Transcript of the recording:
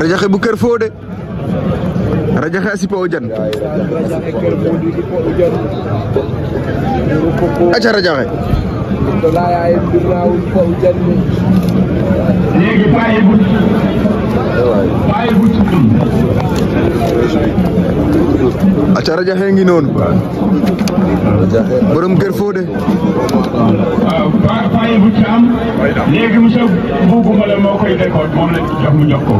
rajaxe bu kër Fodé rajaxe a sipa o jan aca rajaxe léegi paye but aca rajaxe ngi noonu borom kër Fodé léegi monsieur Boubou Mbale moo koy décote moom la jox mu jox ko.